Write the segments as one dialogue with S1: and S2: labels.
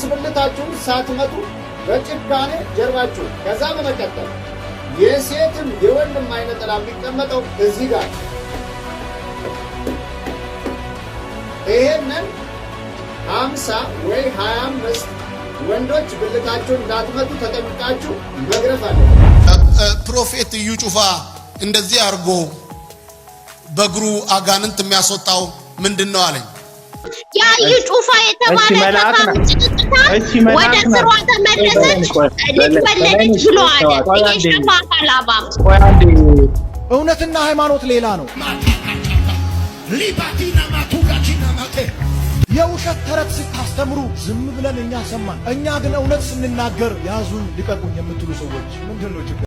S1: ስስብልታችሁን ሳትመቱ በጭካኔ ጀርባችሁ። ከዛ በመቀጠል የሴትም የወንድም አይነ ጥላ የሚቀመጠው እዚህ ጋር ይሄንን አምሳ ወይ ሀያ አምስት ወንዶች ብልታችሁን እንዳትመቱ ተጠንቅቃችሁ መግረፍ አለ።
S2: ፕሮፌት እዩ ጩፋ እንደዚህ አድርጎ በእግሩ አጋንንት የሚያስወጣው ምንድን ነው አለኝ።
S3: ያ እዩ ጩፋ የተባለ መታ ወደ ስሯ ተመለሰች፣ ልትወለደች ብለዋል።
S2: እውነትና ሃይማኖት ሌላ ነው። የውሸት ተረት ስታስተምሩ ዝም ብለን እኛ ሰማን። እኛ ግን እውነት ስንናገር ያዙን ልቀቁኝ የምትሉ ሰዎች ምንድን ነው?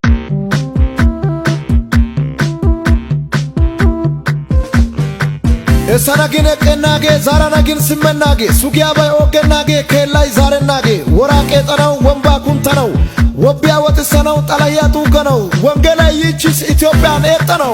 S2: እሰነግን ኤቄናጌ ዛራነግን ስመናጌ ሱጊያባይ ኦገናጌ ኬላይ ዛሬናጌ ወራቄ ጠነው ወንባ ኩንተ ነው ወቢያ ወጥሰነው ጠላያ ጠለያ ነው። ወንጌላይ ይቺስ ኢትዮጵያን ነው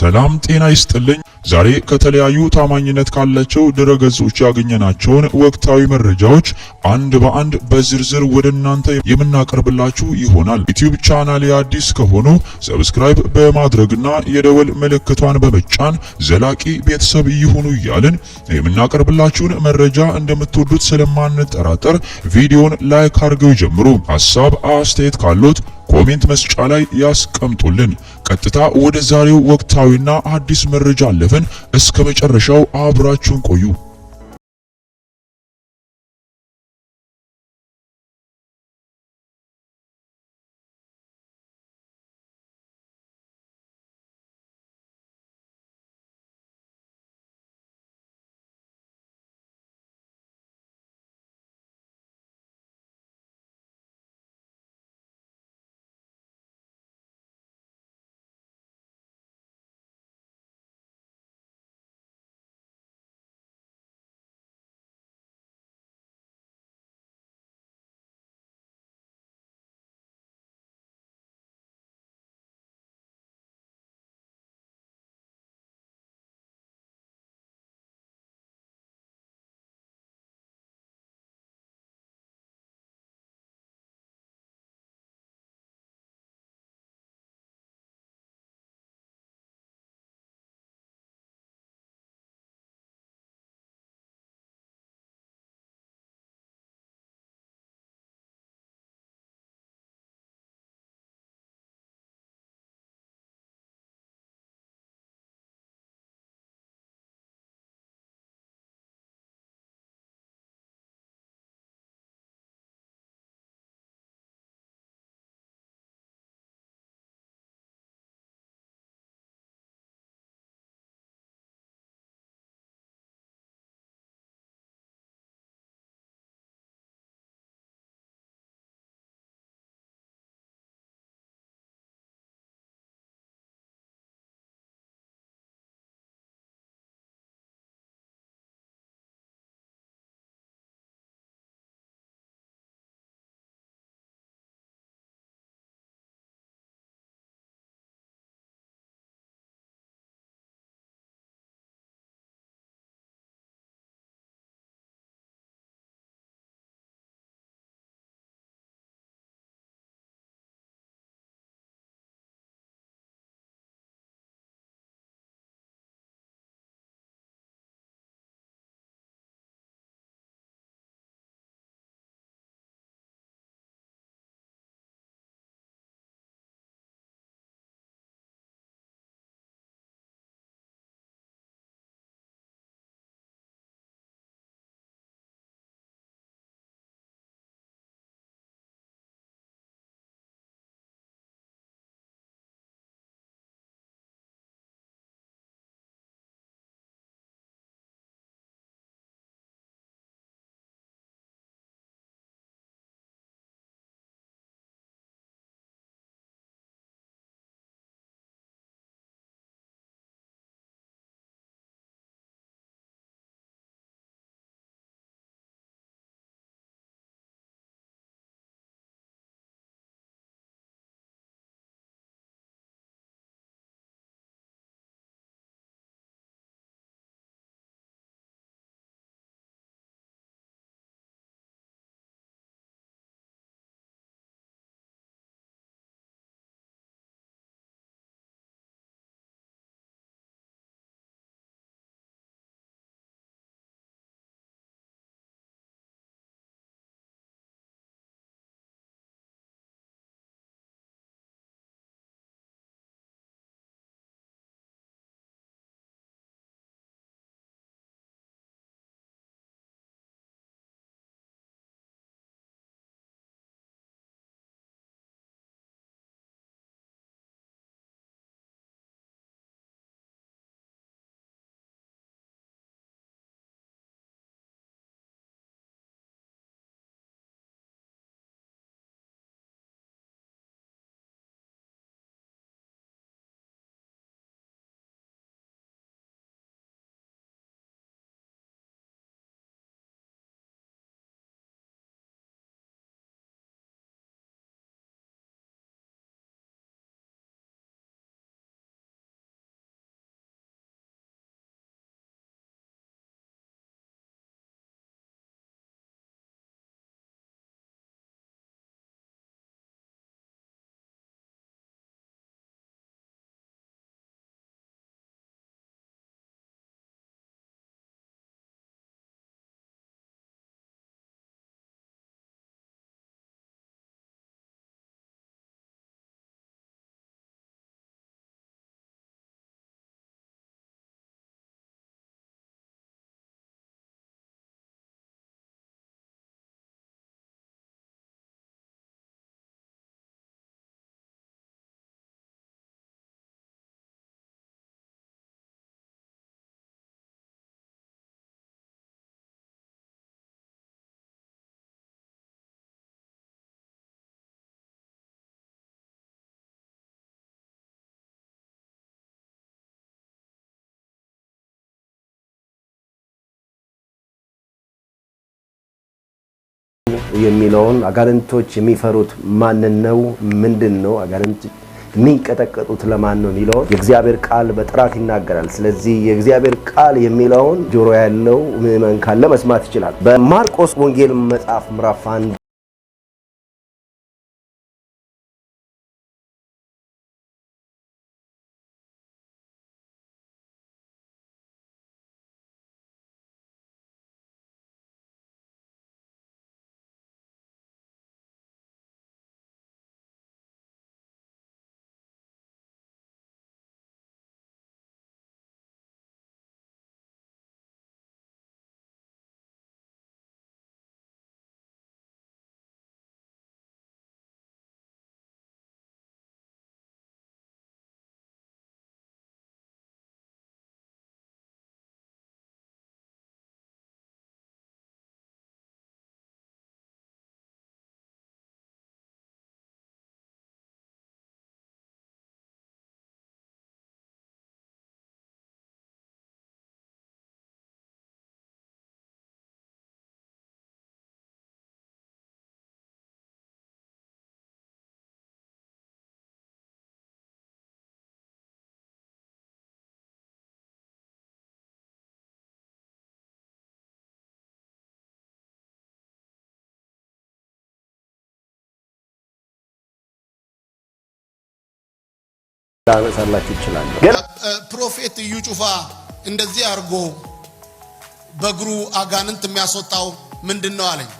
S4: ሰላም ጤና ይስጥልኝ። ዛሬ ከተለያዩ ታማኝነት ካላቸው ድረገጾች ያገኘናቸውን ወቅታዊ መረጃዎች አንድ በአንድ በዝርዝር ወደ እናንተ የምናቀርብላችሁ ይሆናል። ዩቲዩብ ቻናል አዲስ ከሆኑ ሰብስክራይብ በማድረግና የደወል ምልክቷን በመጫን ዘላቂ ቤተሰብ ይሁኑ እያልን የምናቀርብላችሁን መረጃ እንደምትወዱት ስለማንጠራጠር ቪዲዮን ላይክ አድርገው ጀምሩ። ሀሳብ አስተያየት ካሉት ኮሜንት መስጫ ላይ ያስቀምጡልን። ቀጥታ ወደ ዛሬው ወቅታዊና አዲስ መረጃ አለፍን። እስከ መጨረሻው አብራችሁን ቆዩ።
S5: የሚለውን አጋንንቶች የሚፈሩት ማንን ነው? ምንድን ነው? አጋንንት የሚንቀጠቀጡት ለማን ነው የሚለውን የእግዚአብሔር ቃል በጥራት ይናገራል። ስለዚህ የእግዚአብሔር ቃል የሚለውን ጆሮ ያለው ምዕመን ካለ መስማት ይችላል። በማርቆስ ወንጌል መጽሐፍ ምዕራፍ አንድ ላመሳላችሁ ይችላል።
S2: ፕሮፌት እዩ ጩፋ እንደዚህ አድርጎ በእግሩ አጋንንት የሚያስወጣው ምንድን ነው አለኝ።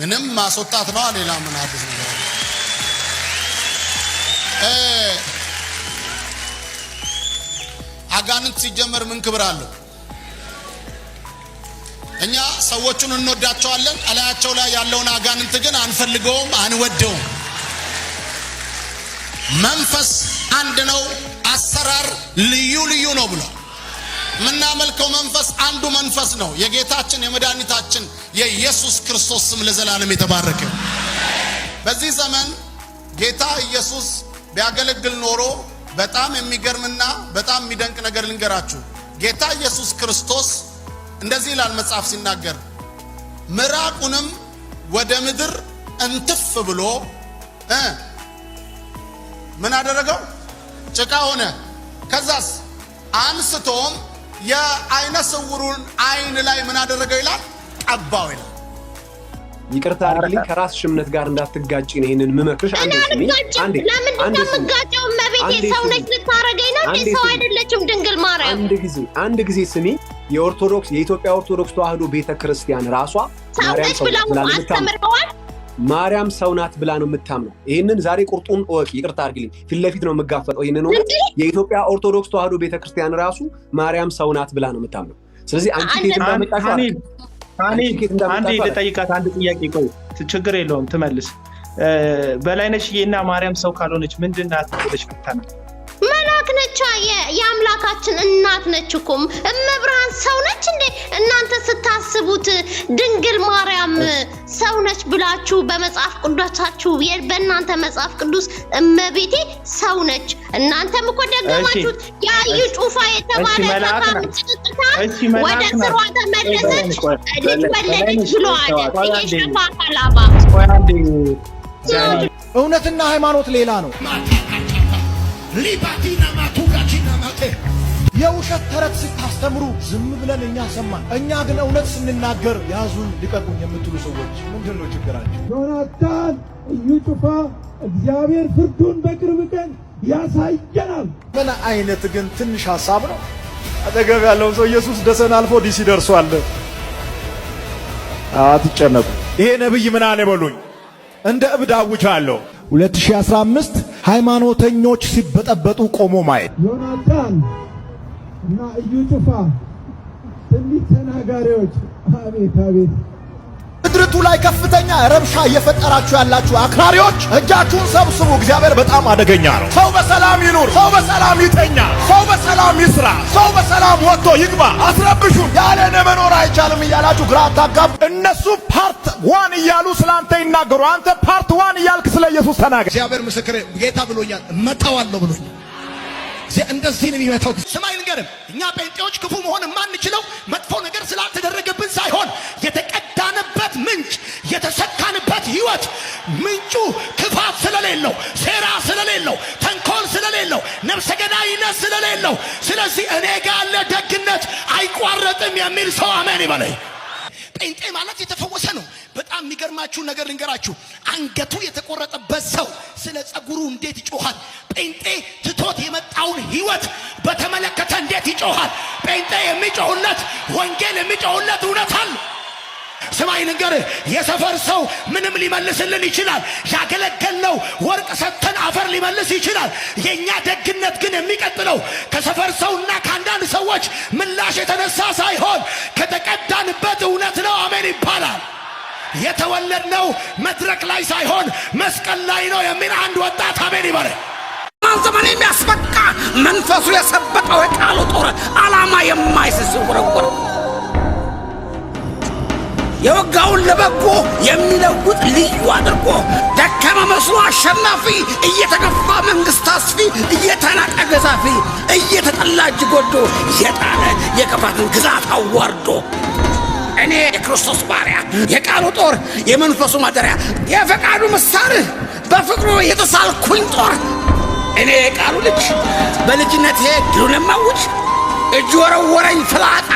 S2: ምንም ማስወጣት ነው፣ ሌላ ምን አዲስ ነገር? አጋንንት ሲጀመር ምን ክብር አለው? እኛ ሰዎቹን እንወዳቸዋለን፣ እላያቸው ላይ ያለውን አጋንንት ግን አንፈልገውም፣ አንወደውም። መንፈስ አንድ ነው፣ አሰራር ልዩ ልዩ ነው ብሏል። የምናመልከው መንፈስ አንዱ መንፈስ ነው። የጌታችን የመድኃኒታችን የኢየሱስ ክርስቶስ ስም ለዘላለም የተባረከ። በዚህ ዘመን ጌታ ኢየሱስ ቢያገለግል ኖሮ በጣም የሚገርምና በጣም የሚደንቅ ነገር ልንገራችሁ። ጌታ ኢየሱስ ክርስቶስ እንደዚህ ይላል መጽሐፍ ሲናገር፣ ምራቁንም ወደ ምድር እንትፍ ብሎ ምን አደረገው? ጭቃ ሆነ። ከዛስ አንስቶም የአይነ ስውሩን አይን ላይ ምን አደረገው ይላል? ቀባው ይላል።
S5: ይቅርታ አድርግልኝ ከራስሽ እምነት ጋር እንዳትጋጭ ነው ይሄንን ምመክርሽ። አንዴ ስሚ፣ አንዴ አንዴ
S3: ስሚ። ሰው ነች ልታረገኝ ነው ሰው አይደለችም ድንግል ማርያም።
S5: አንድ ጊዜ አንድ ጊዜ ስሚ። የኦርቶዶክስ የኢትዮጵያ ኦርቶዶክስ ተዋህዶ ቤተክርስቲያን ራሷ
S3: ማርያም ሰው ብላ ብላ
S5: ማርያም ሰው ናት ብላ ነው የምታምነው። ይህንን ዛሬ ቁርጡን እወቂ። ይቅርታ አድርግልኝ፣ ፊት ለፊት ነው የምጋፈጠው። ይህንን የኢትዮጵያ ኦርቶዶክስ ተዋህዶ ቤተክርስቲያን ራሱ ማርያም ሰው ናት ብላ ነው የምታምነው። ስለዚህ አንቺ ኬት እንዳመጣሽው አንዴ
S6: ልጠይቃት አንድ ጥያቄ። ቆይ ችግር የለውም ትመልስ። በላይነሽዬ እና ማርያም ሰው ካልሆነች ምንድን ናት ብለሽ ምታነ
S3: ነቻ። የአምላካችን እናት ነች እኮ እመብርሃን ሰው ነች እንዴ? እናንተ ስታስቡት ድንግል ማርያም ሰው ነች ብላችሁ በመጽሐፍ ቅዱሳችሁ በእናንተ መጽሐፍ ቅዱስ እመቤቴ ሰው ነች። እናንተም እኮ ደገማችሁት። የአዩ ጩፋ የተባለ ወደ ስሯ ተመለሰች፣ ልጅ ወለደች ብለዋል። ይሄ ሸፋ ካላባ
S2: እውነትና ሃይማኖት ሌላ ነው። የውሸት ተረት ስታስተምሩ ዝም ብለን እኛ ሰማን። እኛ ግን እውነት ስንናገር ያዙን ልቀቁኝ የምትሉ ሰዎች ምንድን ነው ችግራቸው?
S7: ዮናታን እዩ ጩፋ እግዚአብሔር ፍርዱን በቅርብ ቀን ያሳየናል።
S2: ምን አይነት ግን ትንሽ ሀሳብ ነው። አጠገብ ያለውን ሰው ኢየሱስ ደሰን አልፎ ዲሲ ደርሷል፣ አትጨነቁ፣ ይሄ ነብይ ምን አለ በሉኝ፣ እንደ እብድ አለው 2015 ሃይማኖተኞች ሲበጠበጡ ቆሞ ማየት
S7: ዮናታን እና እዩ ጩፋ ትንቢት ተናጋሪዎች አቤት አቤት
S2: ምድርቱ ላይ ከፍተኛ ረብሻ እየፈጠራችሁ ያላችሁ አክራሪዎች እጃችሁን ሰብስቡ። እግዚአብሔር በጣም አደገኛ ነው። ሰው በሰላም ይኑር፣ ሰው በሰላም ይተኛ፣ ሰው በሰላም ይስራ፣ ሰው በሰላም ወጥቶ ይግባ። አስረብሹን ያለን መኖር አይቻልም እያላችሁ ግራ አታጋቡ። እነሱ ፓርት ዋን እያሉ ስለ አንተ ይናገሩ፣ አንተ ፓርት ዋን እያልክ ስለ ኢየሱስ ተናገር። እግዚአብሔር ምስክሬ ጌታ ብሎኛል፣ እመታዋለሁ ብሎኛል እንደዚህ ነው የሚመታው። ስማይ ንገርም እኛ ጴንጤዎች ክፉ መሆን የማንችለው መጥፎ ነገር ስላልተደረገብን ሳይሆን የተቀዳንበት ምንጭ የተሰካንበት ህይወት ምንጩ ክፋት ስለሌለው፣ ሴራ ስለሌለው፣ ተንኮል ስለሌለው፣ ነፍሰ ገዳይነት ስለሌለው፣ ስለዚህ እኔ ጋር ያለ ደግነት አይቋረጥም የሚል ሰው አሜን ይበለኝ። ጴንጤ ማለት የተፈወሰ ነው። በጣም የሚገርማችሁ ነገር ልንገራችሁ። አንገቱ የተቆረጠበት ሰው ስለ ጸጉሩ እንዴት ይጮኋል? ጴንጤ ትቶት የመጣውን ህይወት በተመለከተ እንዴት ይጮኋል? ጴንጤ የሚጮሁለት ወንጌል የሚጮሁለት እውነት አለ። ስማይ ንገር፣ የሰፈር ሰው ምንም ሊመልስልን ይችላል። ያገለገልነው ወርቅ ሰጥተን አፈር ሊመልስ ይችላል። የእኛ ደግነት ግን የሚቀጥለው ከሰፈር ሰውና ከአንዳንድ ሰዎች ምላሽ የተነሳ ሳይሆን ከተቀዳንበት እውነት ነው። አሜን ይባላል። የተወለድነው መድረክ ላይ ሳይሆን መስቀል ላይ ነው የሚል አንድ ወጣት አሜን ይበለ። ዘመን የሚያስበቃ መንፈሱ የሰበቀው የቃሉ ጦር ዓላማ የማይስስውረውር የወጋውን ለበጎ የሚለውጥ ልዩ አድርጎ ደከመ መስሎ አሸናፊ እየተገፋ መንግሥት አስፊ እየተናቀ ገዛፊ እየተጠላ እጅ ጎዶ የጣለ የክፋትን ግዛት አዋርዶ እኔ የክርስቶስ ባሪያ የቃሉ ጦር የመንፈሱ ማደሪያ የፈቃዱ ምሳር በፍቅሩ የተሳልኩኝ ጦር እኔ የቃሉ ልጅ በልጅነቴ ድሉን የማውጅ እጅ ወረወረኝ ፍላጣ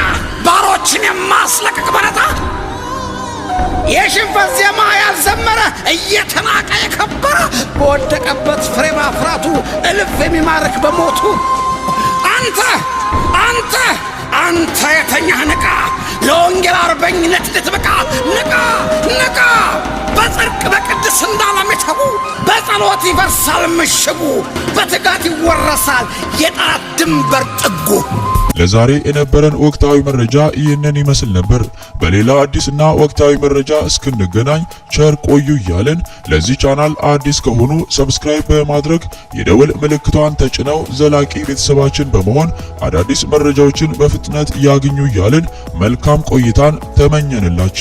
S2: ባሮችን የማስለቅቅ በረታ የሽንፈት ዜማ ያልዘመረ እየተናቀ የከበረ በወደቀበት ፍሬ ማፍራቱ እልፍ የሚማርክ በሞቱ አንተ አንተ አንተ የተኛህ ንቃ ለወንጌል አርበኝነት ልትበቃ ንቃ ንቃ። በጽድቅ በቅድስና ለሚተጉ በጸሎት ይፈርሳል ምሽጉ፣ በትጋት ይወረሳል የጠላት ድንበር ጥጉ።
S4: ለዛሬ የነበረን ወቅታዊ መረጃ ይህንን ይመስል ነበር። በሌላ አዲስና ወቅታዊ መረጃ እስክንገናኝ ቸር ቆዩ እያልን ለዚህ ቻናል አዲስ ከሆኑ ሰብስክራይብ በማድረግ የደወል ምልክቷን ተጭነው ዘላቂ ቤተሰባችን በመሆን አዳዲስ መረጃዎችን በፍጥነት ያግኙ እያለን መልካም ቆይታን ተመኘንላችሁ።